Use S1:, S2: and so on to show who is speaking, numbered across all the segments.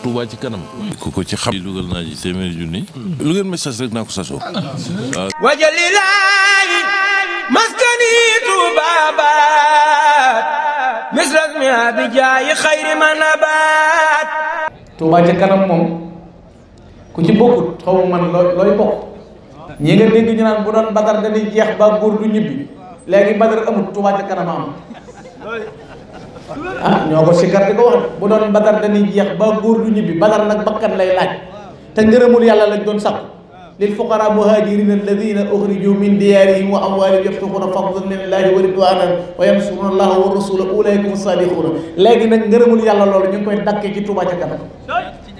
S1: Touba ci kanam. ku ko ci xam. dugal naa ji téeméeri junni. lu ngeen may sas rek naa ko sasoo. maskani Touba
S2: baat mi abijaayi xayri man abaat. Touba kanam moom ku ci bokkut xaw man looy bokk. ñii nga dégg ñu naan bu doon badar dañuy jeex ba góor du ñibbi léegi badar amut Touba kanam am.
S1: ah ñoo ko sikkar
S2: di ko wax bu doon badar dañuy jeex ba góor du ñibbi badar nag bakkan lay laaj te ngërëmul yàlla lañ doon sàkku lil fuqara muhajirina alladina uxriju min diyarihim wa amwalihim yabtaxuna fadlan min allahi wa ridwanan wa yansuruna allaha wa rasula ulaika hum sadiquna nag ngërëmul yàlla loolu ñu ngi koy dakkee ci Tuuba a kanam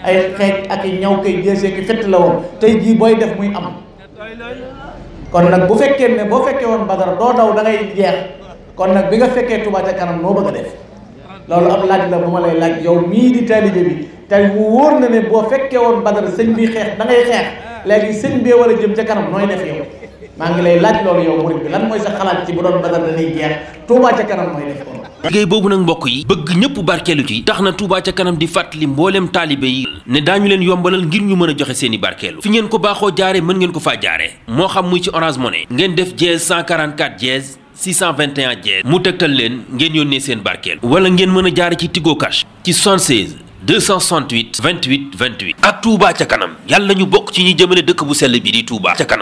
S2: ay xeej ak i ñaw koy jeesee ki fett la woon tey jii booy def muy am kon nag bu fekkee ne boo fekkee woon badar doo daw da ngay jeex kon nag bi nga fekkee Tuuba a kanam noo bëgg def loolu am laaj la bu ma lay laaj yow mii di taalibe bi tey mu wóor na ne boo fekkee woon badar sëñ bi xeex da xeex léegi sëñ bee war a jëm ca kanam nooy def yow maa ngi lay laaj loolu yow murid bi lan mooy sa xalaat ci bu doon badar dañuy jeex Tuubaa ca kanam mooy def ko
S1: liggéey boobu nag mbokk yi bëgg ñëpp barkeelu ci tax na Touba ca kanam di fàttali mbooleem taalibe yi ne daañu leen yombalal ngir ñu mën a joxe seeni i barkeelu fi ngeen ko baaxoo mën ngeen ko faa jaare moo xam muy ci Orange Money ngeen def dièse 144 dièse 621 jeex mu tegtal leen ngeen yónnee seen barkeel wala ngeen mën a jaare ci Tigo Cash ci 76 268 28 28 ak Touba ca kanam yàlla ñu bokk ci ñi jëmale dëkk bu sell bi di Touba ca kanam